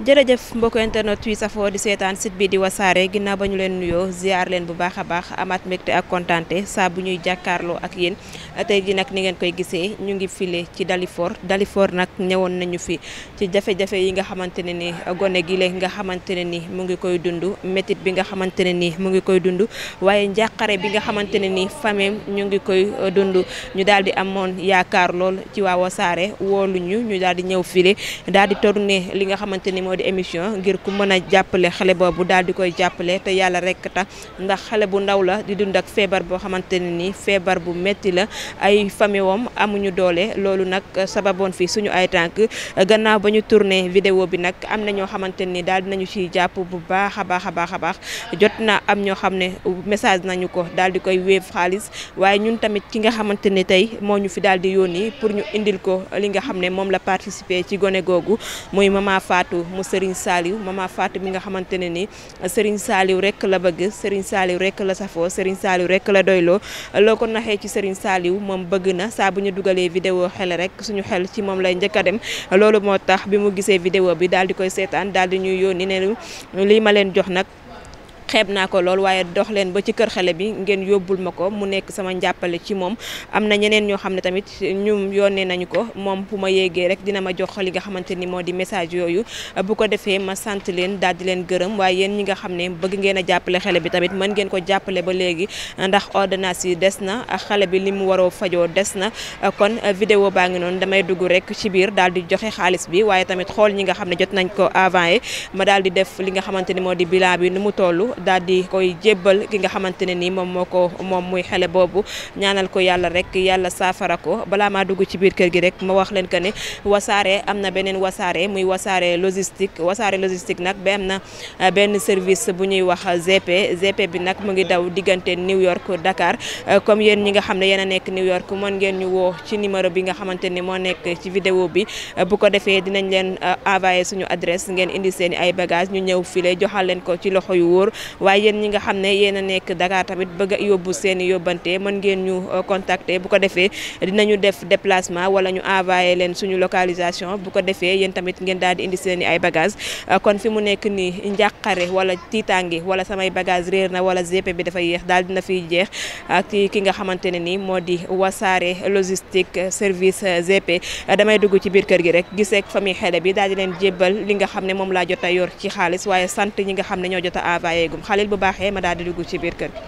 jërëjëf mbokk internet yi safoo di seetaan site bii di wasaare ginnaaw ba ñu leen nuyoo ziar leen bu baax a baax amaat mbégte ak kontaante saa bu ñuy jàkkaarloo ak yéen tey ji nag ni ngeen koy gisee ñu ngi file ci Dalifort Dalifort nag ñëwoon nañu fi ci jafe-jafe yi nga xamante ne ni gone gi léegi nga xamante ne ni mu ngi koy dundu métit bi nga xamante ne ni mu ngi koy dund waaye njàqare bi nga xamante ne ni famille ñu ngi koy uh, dund ñu daal di amoon yaakaar lool ci waa wasaare wooluñu ñu daal di ñëw file daal di moo di émission ngir ku mën a jàppale xale boobu daal di koy jàppale te yàlla rekk tax ndax xale bu ndaw la di dund ak feebar boo xamante ne ni feebar bu metti la ay famewam amuñu doole loolu nag sababoon fii suñu ay tànk gannaaw ba ñu tourné vidéo bi nag am na ñoo xamante ni daal nañu ciy jàpp bu baax a baax a baax a baax jot na am ñoo xam ne message nañu ko daal di koy wéef xaalis waaye ñun tamit ki nga xamante ni tey moo ñu fi daal di yónni pour ñu indil ko li nga xam ne moom la participer ci gone googu doomu Serigne Saliou mama Fatou mi nga xamante ne ni Serigne Saliou rek la bëgg Serigne Saliou rek la safoo Serigne Saliou rek la doyloo loo ko naxee ci Serigne Saliou moom bëgg na saa bu ñu dugalee vidéo xel rek suñu xel ci moom lay njëkk a dem loolu moo tax bi mu gisee vidéo bi daal di koy seetaan daal di ñuy yónni ne lii ma leen jox nag xeeb naa ko lool waaye dox leen ba ci kër xale bi ngeen yóbbul ma ko mu nekk sama njàppale ci moom am na ñeneen ñoo xam ne tamit ñu yónnee nañu ko moom fu ma yéegee rek dina ma jox li nga xamante ni moo di message yooyu bu ko defee ma sant leen daal di leen gërëm waaye yéen ñi nga xam ne bëgg ngeen a jàppale xale bi tamit mën ngeen ko jàppale ba léegi ndax ordonnance yi des na xale bi li mu waroo fajoo des na kon vidéo baa ngi noonu damay dugg rek ci biir daal di joxe xaalis bi waaye tamit xool ñi nga xam ne jot nañ ko avant ma daal di def li nga xamante ni moo di bilan bi nu mu toll daal di koy jébbal ki nga xamante ne nii moom moo ko moom muy xale boobu ñaanal ko yàlla rek yàlla saafara ko balaa maa dugg ci biir kër gi rek ma wax leen que ne wasaare am na beneen wasaare muy wasaare logistique wasaare logistique nag ba am na benn service bu ñuy wax GP GP bi nag mu ngi daw diggante New York Dakar euh, comme yéen ñi nga xam ne yéen a nekk New York mën ngeen ñu woo ci numéro bi nga xamante ni moo nekk ci vidéo bi euh, bu ko defee dinañ leen euh, envoyé suñu adresse ngeen indi seen i ay bagages ñu ñëw file joxal leen ko ci loxo yu wóor waaye yéen ñi nga xam ne yéen a nekk Dakar tamit bëgg yóbbu seen i yóbbante man ngeen ñu euh, contacter bu ko defee dina ñu def déplacement wala ñu envoyé leen suñu localisation bu ko defee yéen tamit ngeen daal di indi seen i ay bagages euh, kon fi mu nekk nii njàqare wala tiitaange wala samay bagage réer na wala GP bi dafa yéex daal na fiy jeex ak ki nga xamante ne nii moo di wasaare logistique service euh, GP damay dugg ci biir kër gi rek giseek famille xele bi daal di leen jébbal li nga xam ne laa jot a yor ci xaalis waaye sant ñi nga ne ñoo jot envoyé gu xalil bu baaxee ma daal di dugg ci biir kër gi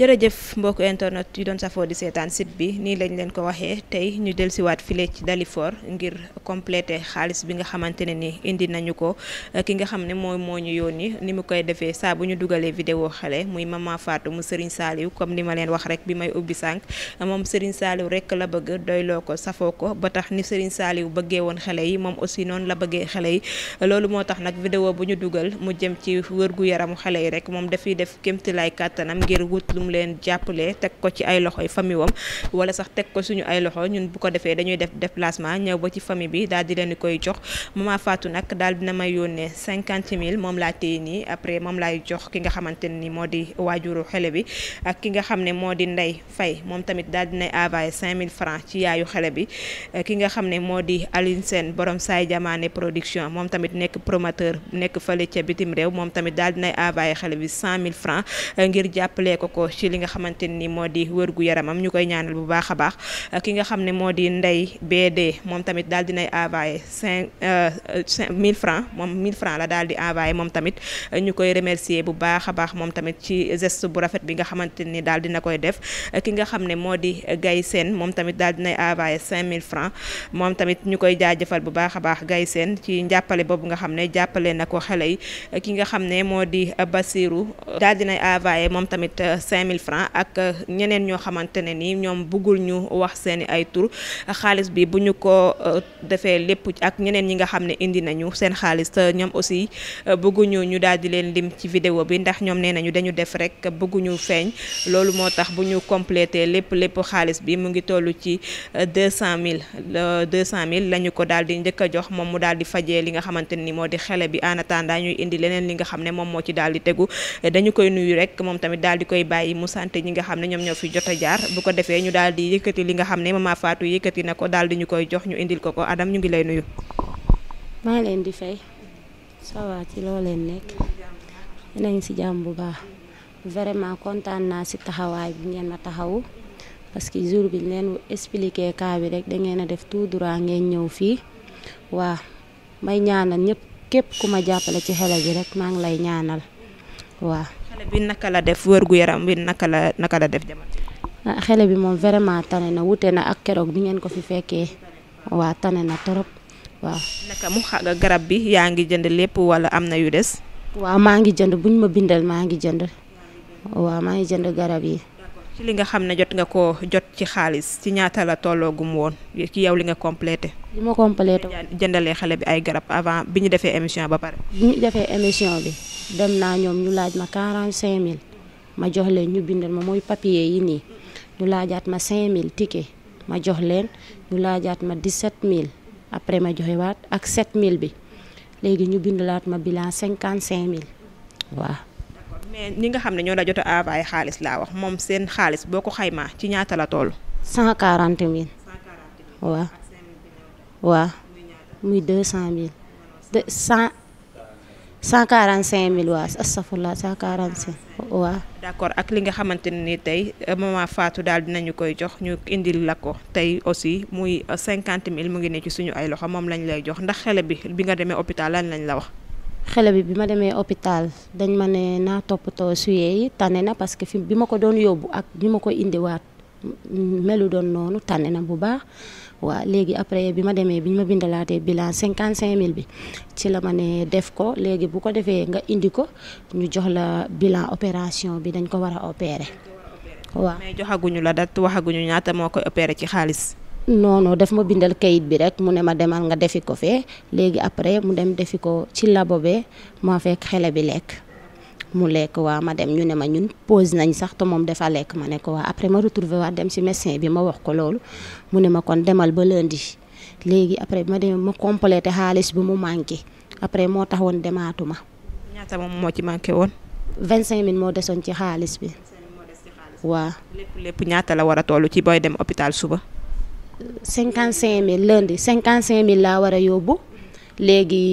jërëjëf mbokku internet yi doon safoo di seetaan site bi nii lañ leen ko waxee tey ñu dellusiwaat file ci Dalifort ngir compléter xaalis bi nga xamante ne ni indi nañu ko eh, ki nga xam ne mooy moo ñu yónni ni mu koy defee saa bu ñu dugalee vidéo xale muy maman Fatou mu Serigne Saliou comme ni ma leen wax rek bi may ubbi sànq moom Serigne Saliou rek la bëgg doyloo ko safoo ko ba tax ni Serigne Saliou bëggee woon xale yi moom aussi noonu la bëggee xale yi loolu moo tax nag vidéo bu ñu dugal mu jëm ci wër gu yaramu xale yi rek moom dafiy def kémti lay kàttanam ngir wut mu leen jàppale teg ko ci ay loxoy famille wam wala sax teg ko suñu ay loxo ñun bu ko defee dañuy def déplacement ñëw ba ci famille bi daal di leen di koy jox maman Fatou nag daal dina may cinquante mille moom laa téye nii après moom laay jox ki nga xamante ne nii moo di waajuru xele bi ak ki nga xam ne moo di Ndey Fay moom tamit daal dinay envoyé cinq mille francs ci yaayu xele bi eh, ki nga xam ne moo di Aline Sène borom saay jamaane production moom tamit nekk promoteur nekk fële ca bitim réew moom tamit daal dinay envoyé xele bi cent mille francs eh, ngir jàppale ko ko ci li nga xamante ni moo di wërgu yaramam ñu koy ñaanal bu baax a baax ki nga xam ne moo di ndey BD moom tamit daal dinay envoyé cinq euh, cinq mille moom mille la daal di envoyé moom tamit ñu koy remercier bu baax a baax moom tamit ci geste bu rafet bi nga xamante ni daal dina koy def ki nga xam ne moo di Gaye Sène moom tamit daal dinay envoyé cinq mille francs moom tamit ñu koy jaajëfal bu baax a baax Gaye Sène ci njàppale boobu nga xam ne jàppale na ko xale yi ki nga xam ne moo di Basiru moom tamit euh, cinq mille francs ak euh, ñeneen ñoo xamante ne ni ñoom bëggul ñu wax seen ay tur xaalis bi bu ñu ko euh, defee lépp ak ñeneen ñi nga xam ne indi nañu seen xaalis euh, ñoom aussi bëgguñu ñu daal di leen lim ci vidéo bi ndax ñoom nee nañu dañu def rek bëgguñu feeñ loolu moo tax bu ñu complété lépp lépp xaalis bi mu ngi toll ci deux cent mille deux cent mille la ñu ko daal di njëkk a jox moom mu daal di fajee li nga xamante ne ni moo di xele bi en attendant ñuy indi leneen li nga xam ne moom moo ci daal di tegu yi mu sant ñi nga xam ne ñoom ñoo fi jot a jaar bu ko defee ñu daal di yëkkati li nga xam ne mama Fatou yëkkati na ko daal di ñu koy jox ñu indil ko ko Adam ñu ngi lay nuyu. maa leen di fay ça va ci loo leen nekk nañ si jàmm bu baax vraiment kontaan naa si taxawaay bi ngeen ma taxawu parce que jour bi leen expliqué cas bi rek da ngeen a def tout droit ngeen ñëw fii waa may ñaanal ñëpp képp ku ma jàppale ci xelal bi rek maa ngi lay ñaanal waa xale bi naka la def wërgu yaram bi naka la naka la def jamono ah, xale bi moom vraiment tane na wute na ak keroog bi ngeen ko fi fekkee waa tane na torop waaw. naka mu xa garab bi yaa ngi jënd lépp wala am na yu des. waaw maa ngi jënd buñ ma bindal maa ngi jënd waa maa ngi jënd garab yi. ci li nga xam ne jot nga ko jot ci xaalis ci ñaata la tolloogum woon ci yow li nga complété. li ma complété jëndalee xale bi ay garab avant bi ñu defee émission ba pare. bi ñu defee émission bi dem naa ñoom ñu laaj ma cinq mille ma jox leen ñu bindal ma mooy papier yi nii ñu laajaat ma cinq mille ticket ma jox leen ñu laajaat ma mille après ma joxewaat ak ak mille bi léegi ñu bindalaat ma cinquante cinq mille waaw. mais li nga xam ne ñoo la jot a envoyé xaalis laa wax moom seen xaalis boo ko xaymaa ci ñaata la toll. cent quarante mille. waaw waaw muy deux cent mille. de cent cent quarante cinq mille waa astafurlah cent quarante cinq waaw. d' accord ak li nga xamante ne ni tey euh, maman Fatou daal dinañu koy jox ñu indil la ko tey aussi muy euh, cinquante mille mu ngi ne ci suñu ay loxo moom lañ lay jox ndax xele bi bi nga demee hôpital lan lañ la wax. xale bi bi ma demee hôpital dañ ma ne naa toppatoo suyee yi tane na parce que fi bi ma ko doon yóbbu ak bi ma ko indiwaat melu doon noonu tànnee na bu baax waaw léegi après bi ma demee bi ñu ma bindalaatee bilan cinquante cinq mille bi ci la ma ne def ko léegi bu ko defee nga indi ko ñu jox la bilan opération bi dañ ko war a opérer waaw. joxaguñu la date waxaguñu ñaata moo koy opérer ci xaalis. non non daf ma bindal kayit bi rek mu ne ma demal nga defi ko fee léegi après mu dem defi ko ci labo be maa fekk xele bi lekk mu lekk waa ma dem ñu ne ma ñun pause nañ sax te moom dafa lekk ma ne ko waa après ma retrouvé waa dem si médecin bi ma wax ko loolu mu ne ma kon demal ba lundi léegi après ma dem ma complété xaalis bi mu manqué après moo tax woon demaatuma ñaata moom moo ci manqué woon. vingt cinq mille moo desoon ci xaalis bi. waaw lépp ñaata la war a toll ci booy dem hôpital suba. cinquante cinq mille lundi cinquante cinq mille laa war a yóbbu léegi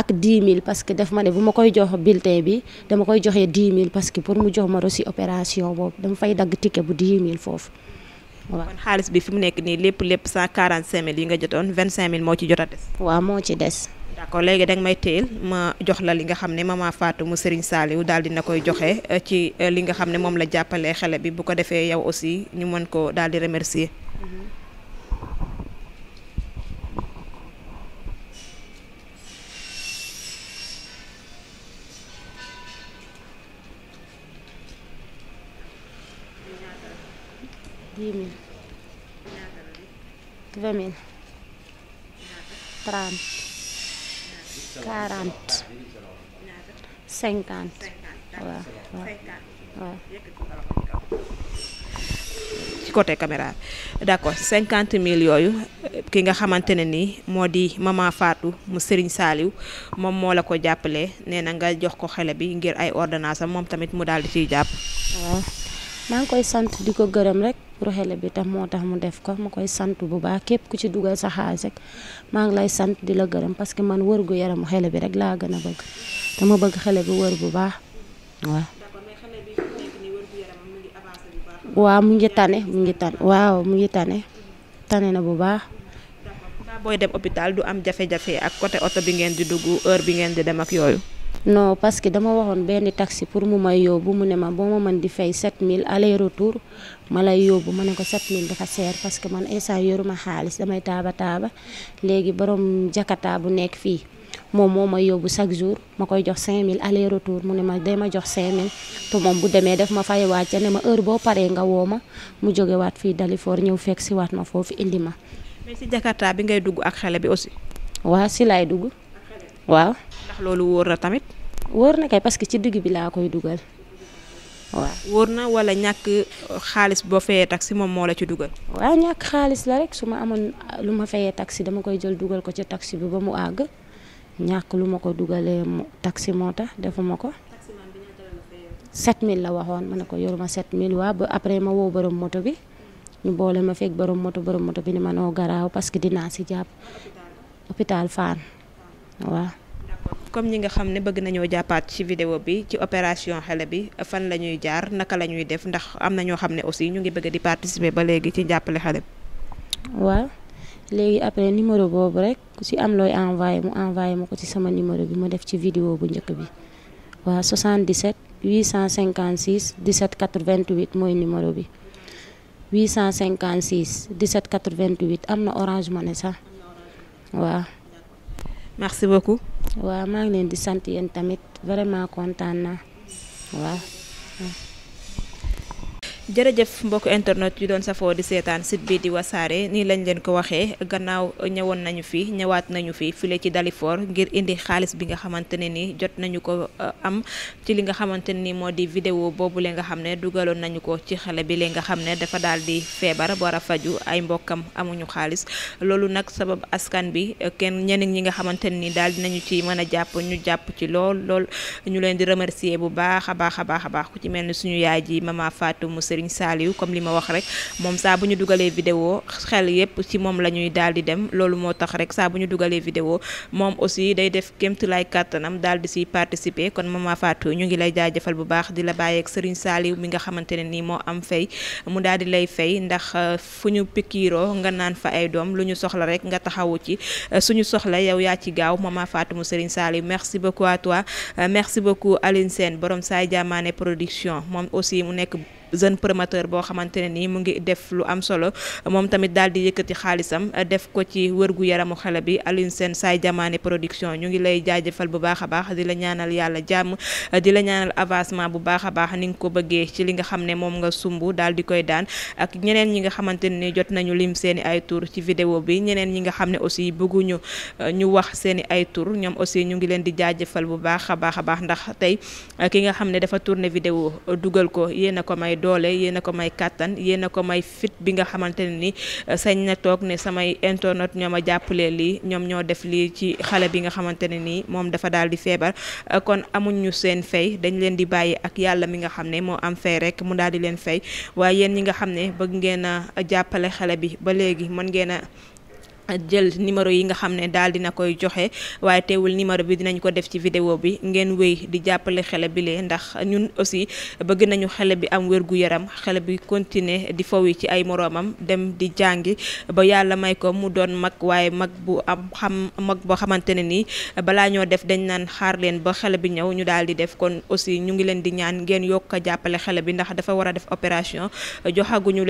ak dix mille parce que daf ma ne bu ma koy jox bulletin bi dama koy joxe dix mil parce que pour mu jox ma rossi opération boobu dama fay dagg ticket bu dix mille foofu waaw kon bi fi mu nekk nii lépp lépp cent quarante cinq yi nga jotoon vingt cinq mille moo ci jot a des. waaw moo ci des. d' léegi danga may téyel ma jox la li nga xam ne ma maa Fatou mu Serigne Saliou daal dina koy joxe euh, ci euh, li nga xam ne moom la jàppale xale bi bu ko defee yow aussi ñu mën ko daal di remercier. Mm-hmm. dix mille vingt mille trente quarante cinquante waaw ci côté caméra bi cinquante mille yooyu ki nga xamante ne nii moo di maman Fatou mu Serigne saaliw moom moo la ko jàppale nee na nga jox ko xale bi ngir ay ordonnance moom tamit mu daal di ciy jàpp maa ngi koy sant di ko gërëm rek xele bi tax moo tax mu def ko ma koy sant bu baax képp ku ci dugal sa xaalis rek maa ngi lay sant di la gërëm parce que man wër gu yaramu xale bi rek laa gën a bëgg dama bëgg xale bi wër bu baax waaw. mu ngi tane mu ngi tane waaw mu ngi tane tane na bu baax. booy dem hôpital du am jafe-jafe ak côté oto bi ngeen di dugg heure bi ngeen di dem ak yooyu. non parce que dama waxoon benn taxi pour mu may yóbbu mu ne ma boo ma mën di fay 7000 aller retour ma lay yóbbu ma ne ko 7000 dafa seer parce que man instant yoruma xaalis damay taaba taaba léegi borom jakarta bu nekk fii moom moo ma yóbbu chaque jour ma koy jox 5000 aller retour mu ne ma day ma jox 5000 te moom bu demee def ma fay wàcce ne ma heure boo paree nga woo ma mu joge waat fii Dalifort ñëw fekk si waat ma foofu indi ma. mais si bi ngay dugg ak xale bi aussi. waaw ndax loolu wóor na tamit. wóor na kay parce que ci digg bi laa koy dugal waaw. na wala ñàkk xaalis boo fayee taxi moom moo la ci dugal. waaw ñàkk xaalis la su ma amoon ah, lu ma fayee taxi dama koy jël dugal ko ci taxi bi ba mu àgg ñàkk lu ma ko dugalee taxi moo tax defuma ko. set 7000 la waxoon ma ne ko yoruma 7000 waaw ba après ma woo borom moto bi ñu boole ma fekk borom moto borom moto bi ni manoo garaaw parce que dinaa si jàpp hôpital Fann waaw. comme ñi nga xam ne bëgg nañoo jàppaat ci vidéo bi ci opération xale bi fan la ñuy jaar naka la ñuy def ndax am na ñoo xam ne aussi ñu ngi bëgg di participer ba léegi ci jàppale xale bi. waaw léegi après numéro boobu rek ku si am looy envoyé mu envoyé ma ko ci sama numéro bi mu def ci vidéo bu njëkk bi waaw 77 856 17 88 mooy numéro bi 856 17 88 am na Orange ne sax waaw. merci waaw maa ngi leen di sant yéen tamit vraiment kontaan naa waaw. jërëjëf mbokk internet yu doon safoo di seetaan site bi di wasaare nii lañ leen ko waxee gannaaw ñëwoon nañu fi ñëwaat nañu fi file ci Dalifort ngir indi xaalis bi nga xamante ne ni jot nañu ko uh, am ci li nga xamante ne ni moo di vidéo boobu le nga xam ne dugaloon nañu ko ci xale bi le nga xam ne dafa daal di feebar war a faju ay mbokkam amuñu xaalis loolu nag sabab askan bi kenn ñeneen ñi nga xamante ne ni daal di nañu ci mën a jàpp ñu jàpp ci lool lool ñu leen di remercier bu baax a baax a baax a baax ku ci mel ni suñu yaay Serigne Saliou comme li ma wax rek moom saa bu ñu dugalee vidéo xel yépp ci moom la ñuy daal di dem loolu moo tax rek saa bu ñu dugalee vidéo moom aussi day def kéemtulaay kàttanam daal di siy participer kon Mama Fatou ñu ngi lay jaajëfal bu baax di la bàyyeeg Serigne Saliou mi nga xamante ne nii moo am fay mu daal di lay fay ndax euh, fu ñu pikiiroo nga naan fa ay doom lu ñu soxla rek nga taxawu ci euh, suñu soxla yow yaa ci gaaw Mama Fatou mu Serigne Saliou merci beaucoup à toi euh, merci beaucoup Aline Sène borom saay jeune promoteur boo xamante ne nii mu ngi def lu am solo moom tamit daal di yëkkati xaalisam def ko ci wërgu yaramu xale bi Alioune seen Saay Jamaane production ñu ngi lay jaajëfal bu baax a baax di la ñaanal yàlla jàmm di la ñaanal avancement bu baax a baax ni nga ko bëggee ci li nga xam ne moom nga sumb daal di koy daan ak ñeneen ñi nga xamante ne ni jot nañu lim seen i ay tur ci vidéo bi ñeneen ñi nga xam ne aussi bëgguñu euh, ñu wax seen i ay tur ñoom aussi ñu ngi leen di jaajëfal bu baax a baax a baax ndax tey ki nga xam ne dafa tourné vidéo dugal ko yéen ko may doole yéen a ko may kàttan yéen a ko may fit bi nga xamante ne ni eh, sañ na toog ne samay internet ñoo ma jàppale lii ñoom ñoo def lii ci xale bi nga xamante ne nii moom dafa daal di feebar eh, kon amuñ ñu seen fay dañ leen di bàyyi ak yàlla mi nga xam ne moo am fay rek mu daal di leen fay waaye yéen ñi nga xam ne bëgg ngeen a jàppale xale bi ba léegi mën ngeen a jël numéro yi nga xam ne daal na koy joxe waaye teewul numéro bi dinañ ko def ci vidéo bi ngeen wéy di jàppale xele bi lee ndax ñun aussi bëgg nañu xele bi am wér yaram xele bi continuer di fowi ci ay moroomam dem di jàngi ba yàlla may ko mu doon mag waaye mag bu am xam mag boo xamante ne nii balaa ñoo def dañ naan xaar leen ba xale bi ñëw ñu daal di def kon aussi ñu ngi leen di ñaan ngeen yokk jàppale xale bi ndax dafa war a def opération joxaguñu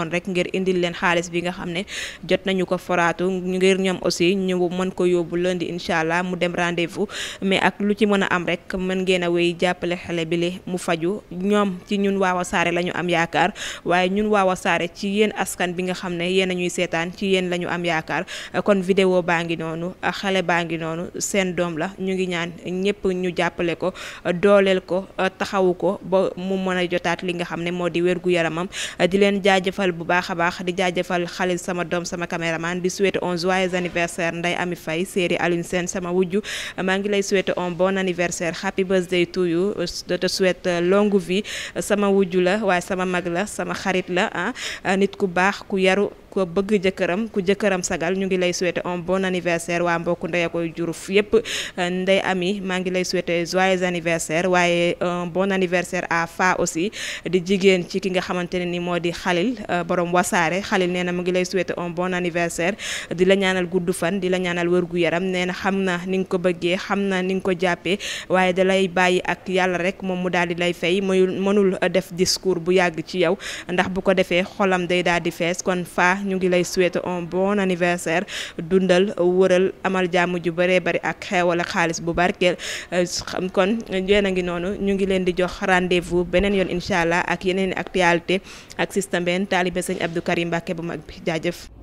woon rek ngir indil leen xaalis bi nga xam ne jot nañu ko foraatu ngir ñoom aussi ñu mën ko yóbbu lundi incha allah mu dem rendez-vous mais ak lu ci mën a am rek mën ngeen a wéy jàppale xale bi li mu faju ñoom ci ñun waa Wassare la ñu am yaakaar waaye ñun waa Wassare ci yéen askan bi nga xam ne yéen a ñuy seetaan ci yéen lañu am yaakaar kon vidéo baa ngi noonu xale baa ngi noonu seen doom la ñu ngi ñaan ñëpp ñu jàppale ko dooleel ko taxawu ko ba mu mën a jotaat li nga xam ne moo di wér gu yaramam di leen jaajëfal jaajëfal bu baax a baax di jaajëfal Khalil sama doom sama caméraman di souhaiter un joyeux anniversaire Ndeye Ami Faye série Alioune Sène sama wujju maa ngi lay souhaiter un bon anniversaire happy birthday to you de te souhaite longue vie sama wujju la waaye sama mag la sama xarit la ah nit ku baax ku yaru ko bëgg jëkkëram ku jëkkëram sagal ñu ngi lay souhaiter un bon anniversaire waa mbokk ndey akoy juruf yëpp ndey ami maa ngi lay souhaiter joyeux anniversaire waaye un bon anniversaire à fa aussi di jigéen ci ki nga xamante ne ni moo di xalil euh, borom wasaare xalil nee na mu ngi lay souhaiter un bon anniversaire di la ñaanal gudd fan di la ñaanal wér-gu-yaram nee na xam na ni nga ko bëggee xam na ni nga ko jàppee waaye da lay bàyyi ak yàlla rek moom mu daal di lay fay muy mënul def discours bu yàgg ci yow ñu ngi lay souhaiter un bon anniversaire dundal wëral amal jàmm ju bëree bëri ak xeewal ak xaalis bu barkeel xam kon yéen a ngi noonu ñu ngi leen di jox rendez-vous beneen yoon incha allah ak yeneen actualité ak système benn taalibe sëñ Abdou Karim Mbacke bu mag bi jaajëf